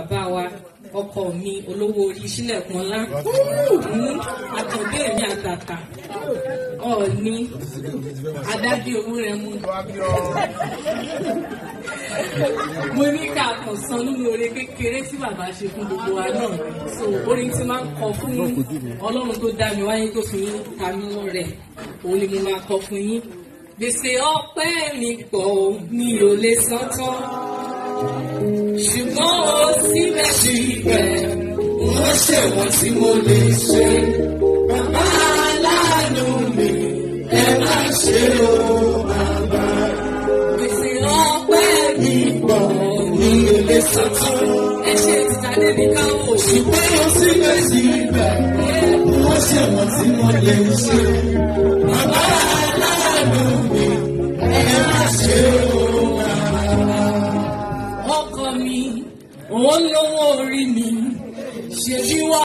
bàbá wa ọkọ mi olówó orí sílẹ̀kùn ọlá àtọ̀dé èmi àtàtà ọ̀ọ́ni adájọ́ owó rẹ̀ mú. mo ní ká kàn san lórí oore kékeré tí bàbá ṣe fún gbogbo wa náà so orin tí máa ń kọ fún ọlọ́run tó dá mi wáyé tó fi ń ta mí rẹ̀ òun ni mo máa kọ fún yín gbèsè ọpẹ́ mi pọ̀ mi ò lè san tán ṣùgbọ́n ṣèwọ̀n tí mo lè ṣe. Bàbá aláàánú mi, ẹ má ṣe o bàbá. Gbèsè ọpẹ́ mi pọ̀ ní ilé sọ́tún. Ẹ ṣe ìtàdé mi káwọ̀. Ṣùgbọ́n mo sì lè ṣí ibẹ̀. Wọ́n ṣèwọ̀n tí mo lè ṣe. Bàbá aláàánú mi, ẹ má ṣe o bàbá. Ọkọ mi, òun lówó orí mi. 写些希望。